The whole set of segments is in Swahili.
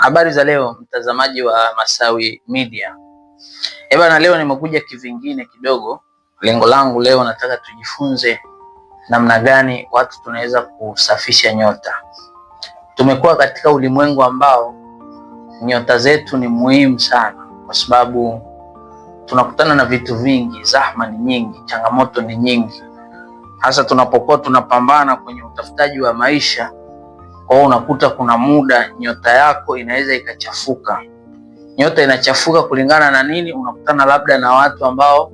Habari za leo mtazamaji wa Masawi Media. Eh na leo nimekuja kivingine kidogo. Lengo langu leo nataka tujifunze namna gani watu tunaweza kusafisha nyota. Tumekuwa katika ulimwengu ambao nyota zetu ni muhimu sana, kwa sababu tunakutana na vitu vingi, zahma ni nyingi, changamoto ni nyingi, hasa tunapokuwa tunapambana kwenye utafutaji wa maisha kwa unakuta kuna muda nyota yako inaweza ikachafuka. Nyota inachafuka kulingana na nini? Unakutana labda na watu ambao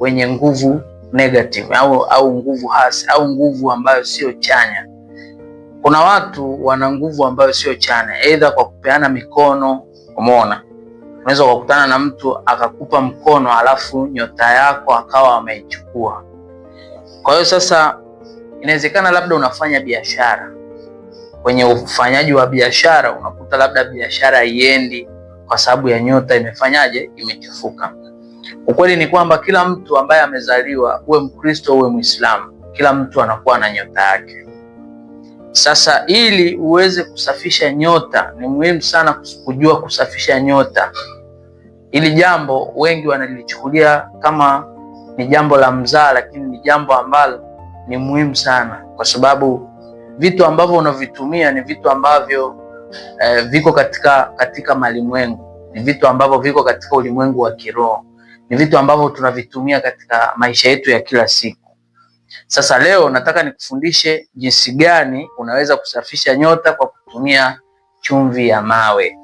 wenye nguvu negative au, au nguvu hasi au nguvu ambayo sio chanya. Kuna watu wana nguvu ambayo sio chanya, aidha kwa kupeana mikono. Umeona, unaweza kukutana na mtu akakupa mkono alafu nyota yako akawa ameichukua. Kwa hiyo sasa, inawezekana labda unafanya biashara kwenye ufanyaji wa biashara unakuta labda biashara haiendi kwa sababu ya nyota imefanyaje, imechafuka. Ukweli ni kwamba kila mtu ambaye amezaliwa, uwe Mkristo uwe Mwislamu, kila mtu anakuwa na nyota yake. Sasa ili uweze kusafisha nyota, ni muhimu sana kujua kusafisha nyota. Ili jambo wengi wanalichukulia kama ni jambo la mzaa lakini ni jambo ambalo ni muhimu sana kwa sababu vitu ambavyo unavitumia ni vitu ambavyo eh, viko katika, katika malimwengu, ni vitu ambavyo viko katika ulimwengu wa kiroho, ni vitu ambavyo tunavitumia katika maisha yetu ya kila siku. Sasa leo nataka nikufundishe jinsi gani unaweza kusafisha nyota kwa kutumia chumvi ya mawe.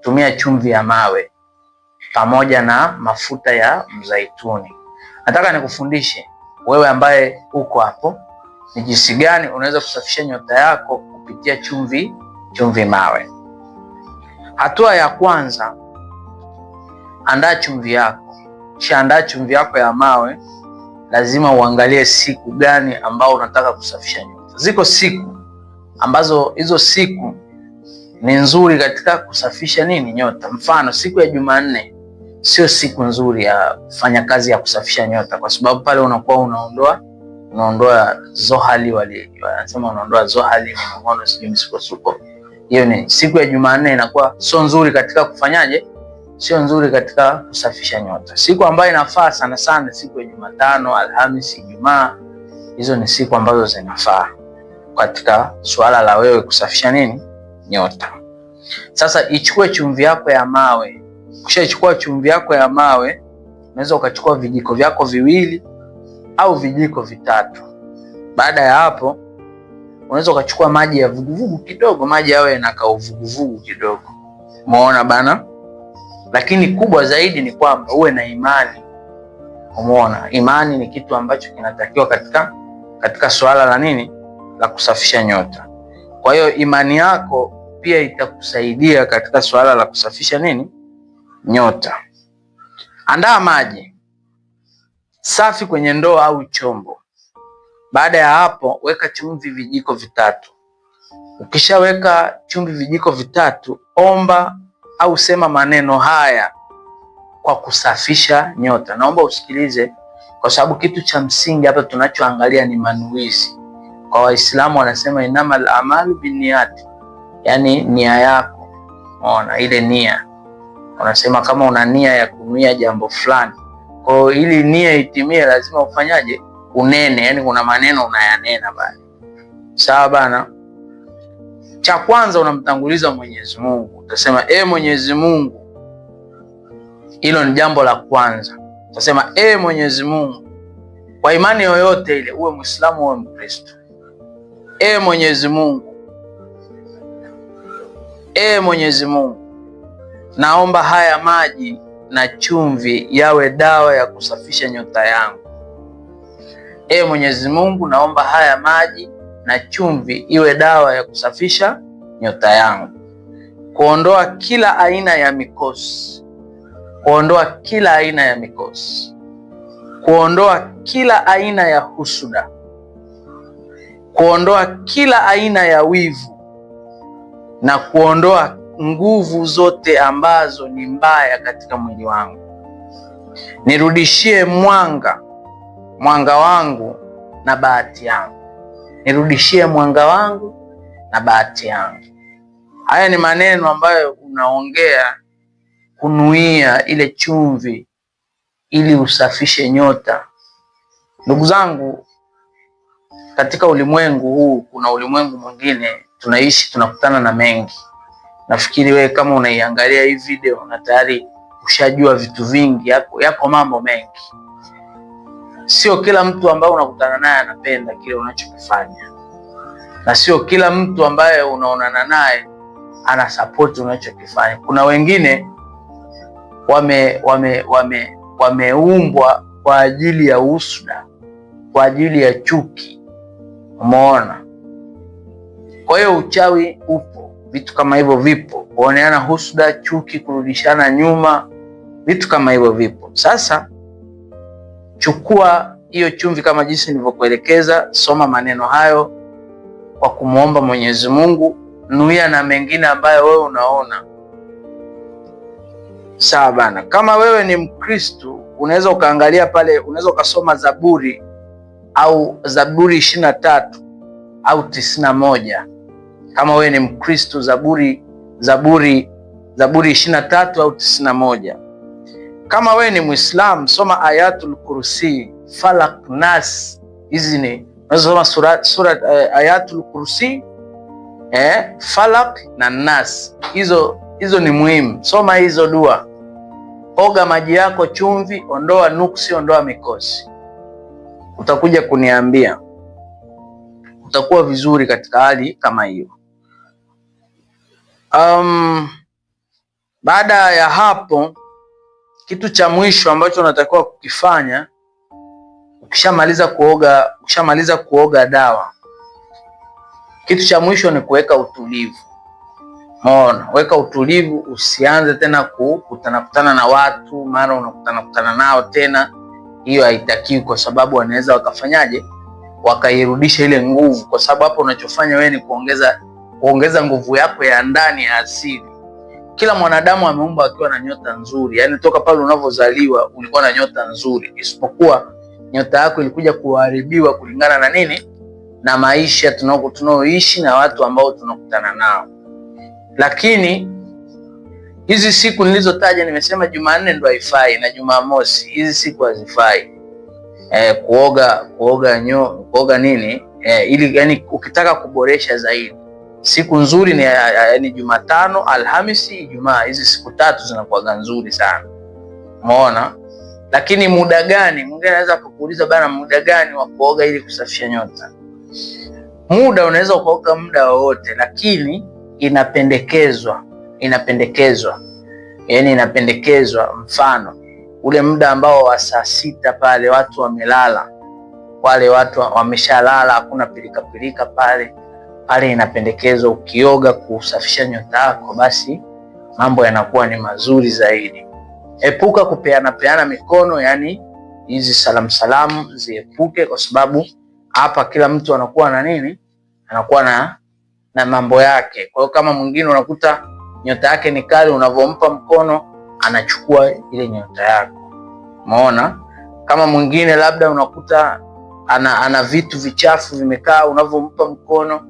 Tumia chumvi ya mawe pamoja na mafuta ya mzaituni. Nataka nikufundishe wewe ambaye uko hapo ni jinsi gani unaweza kusafisha nyota yako kupitia chumvi chumvi mawe. Hatua ya kwanza, andaa chumvi yako. Kisha chumvi yako ya mawe. Lazima uangalie siku gani ambao unataka kusafisha nyota. Ziko siku ambazo hizo siku ni nzuri katika kusafisha nini nyota. Mfano, siku ya Jumanne sio siku nzuri ya kufanya kazi ya kusafisha nyota, kwa sababu pale unakuwa unaondoa unaondoa zohali, wanasema unaondoa zohali, minong'ono, sijui msukosuko. Hiyo ni siku ya Jumanne inakuwa sio nzuri katika kufanyaje, sio nzuri katika kusafisha nyota. Siku ambayo inafaa sana sana siku ya Jumatano, Alhamisi, Ijumaa. Hizo ni siku ambazo zinafaa katika suala la wewe kusafisha nini nyota. Sasa ichukue chumvi yako ya mawe. Ukishachukua chumvi yako ya mawe, unaweza ukachukua vijiko vyako viwili au vijiko vitatu. Baada ya hapo, unaweza ukachukua maji ya vuguvugu kidogo, maji yawe yanakaa uvuguvugu kidogo, umeona bana. Lakini kubwa zaidi ni kwamba uwe na imani, umeona. Imani ni kitu ambacho kinatakiwa katika katika suala la nini la kusafisha nyota. Kwa hiyo imani yako pia itakusaidia katika suala la kusafisha nini nyota. Andaa maji safi kwenye ndoo au chombo. Baada ya hapo, weka chumvi vijiko vitatu. Ukishaweka chumvi vijiko vitatu, omba au sema maneno haya kwa kusafisha nyota. Naomba usikilize, kwa sababu kitu cha msingi hapa tunachoangalia ni manuizi. Kwa Waislamu wanasema inamal amalu binniyati, yani nia yako. Ona ile nia, wanasema kama una nia ya kunuia jambo fulani kwa hiyo ili nia itimie, lazima ufanyaje? Unene, yani kuna maneno unayanena bana. sawa bana. Cha kwanza unamtanguliza Mwenyezi Mungu, utasema e Mwenyezi Mungu. Hilo ni jambo la kwanza, utasema e Mwenyezi Mungu kwa imani yoyote ile, uwe Muislamu uwe Mkristo. E Mwenyezi Mungu, e Mwenyezi Mungu, naomba haya maji na chumvi yawe dawa ya kusafisha nyota yangu. e Mwenyezi Mungu, naomba haya maji na chumvi iwe dawa ya kusafisha nyota yangu, kuondoa kila aina ya mikosi, kuondoa kila aina ya mikosi, kuondoa kila aina ya husuda, kuondoa kila aina ya wivu na kuondoa nguvu zote ambazo ni mbaya katika mwili wangu, nirudishie mwanga mwanga wangu na bahati yangu, nirudishie mwanga wangu na bahati yangu. Haya ni maneno ambayo unaongea kunuia ile chumvi ili usafishe nyota. Ndugu zangu, katika ulimwengu huu kuna ulimwengu mwingine tunaishi, tunakutana na mengi Nafikiri wewe kama unaiangalia hii video na tayari ushajua vitu vingi, yako, yako mambo mengi. Sio kila mtu ambaye unakutana naye anapenda kile unachokifanya, na sio kila mtu ambaye unaonana naye ana support unachokifanya. Kuna wengine wame, wame, wame, wameumbwa kwa ajili ya usuda, kwa ajili ya chuki, umeona? Kwa hiyo uchawi upo vitu kama hivyo vipo, kuoneana husuda, chuki, kurudishana nyuma, vitu kama hivyo vipo. Sasa chukua hiyo chumvi kama jinsi nilivyokuelekeza, soma maneno hayo kwa kumwomba Mwenyezi Mungu, nuia na mengine ambayo wewe unaona sawa bana. Kama wewe ni Mkristu, unaweza ukaangalia pale, unaweza ukasoma Zaburi au Zaburi ishirini na tatu au tisini na moja kama wewe ni Mkristo, Zaburi Zaburi Zaburi 23 au 91. Kama wewe ni Muislam, soma Ayatul Kursi, Falak, Nas. Hizi ni unazosoma sura, sura uh, Ayatul Kursi eh, Falak na Nas. Hizo hizo ni muhimu, soma hizo dua. Oga maji yako chumvi, ondoa nuksi, ondoa mikosi. Utakuja kuniambia, utakuwa vizuri katika hali kama hiyo. Um, baada ya hapo, kitu cha mwisho ambacho unatakiwa kukifanya ukishamaliza kuoga, ukishamaliza kuoga dawa, kitu cha mwisho ni kuweka utulivu. Maona, weka utulivu, usianze tena kukutanakutana na watu, mara unakutanakutana nao tena. Hiyo haitakiwi, kwa sababu wanaweza wakafanyaje, wakairudisha ile nguvu, kwa sababu hapo unachofanya wewe ni kuongeza kuongeza nguvu yako ya ndani ya asili. Kila mwanadamu ameumbwa akiwa na nyota nzuri, yaani toka pale unavyozaliwa ulikuwa na nyota nzuri, isipokuwa nyota yako ilikuja kuharibiwa kulingana na nini? Na maisha tunaoishi na watu ambao tunakutana nao. Lakini hizi siku nilizotaja, nimesema Jumanne ndo haifai na Jumamosi, hizi siku hazifai eh, kuoga kuoga nyo, kuoga nini eh, ili yani ukitaka kuboresha zaidi Siku nzuri ni yaani Jumatano, Alhamisi, Ijumaa. Hizi siku tatu zinakuwaga nzuri sana, umeona. Lakini muda gani? Mwingine anaweza kukuuliza bana, muda gani wa kuoga ili kusafisha nyota? Muda unaweza ukaoga muda wowote, lakini inapendekezwa, inapendekezwa yaani inapendekezwa, mfano ule muda ambao wa saa sita pale watu wamelala, wale watu wameshalala, hakuna pilikapilika pale pale inapendekezwa ukioga kusafisha nyota yako, basi mambo yanakuwa ni mazuri zaidi. Epuka kupeana peana mikono, yani hizi salamu salamu ziepuke, kwa sababu hapa kila mtu anakuwa na nini, anakuwa na, na mambo yake. Kwa hiyo kama mwingine unakuta nyota yake ni kali, unavompa mkono anachukua ile nyota yako, umeona. Kama mwingine labda unakuta ana, ana vitu vichafu vimekaa, unavompa mkono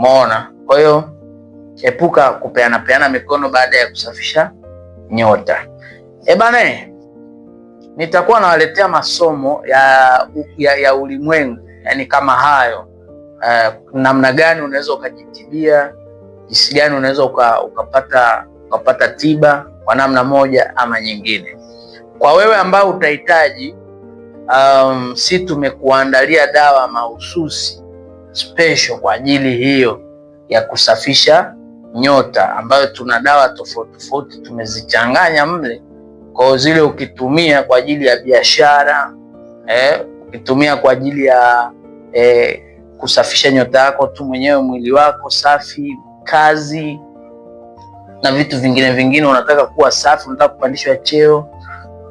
Umeona? Kwa hiyo epuka kupeana peana mikono baada ya kusafisha nyota. E eh, bane, nitakuwa nawaletea masomo ya, ya, ya ulimwengu yani kama hayo uh, namna gani unaweza ukajitibia, jinsi gani unaweza uka, ukapata, ukapata tiba kwa namna moja ama nyingine. Kwa wewe ambao utahitaji, um, si tumekuandalia dawa mahususi special kwa ajili hiyo ya kusafisha nyota, ambayo tuna dawa tofauti tofauti tumezichanganya mle kwa zile ukitumia kwa ajili ya biashara eh, ukitumia kwa ajili ya eh, kusafisha nyota yako tu mwenyewe, mwili wako safi, kazi na vitu vingine vingine, unataka kuwa safi, unataka kupandishwa cheo,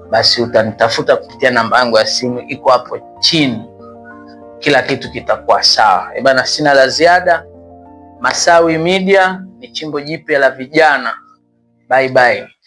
basi utanitafuta kupitia namba yangu ya simu iko hapo chini kila kitu kitakuwa sawa. Eh bana, sina la ziada. Masawi Media ni chimbo jipya la vijana. Bye bye.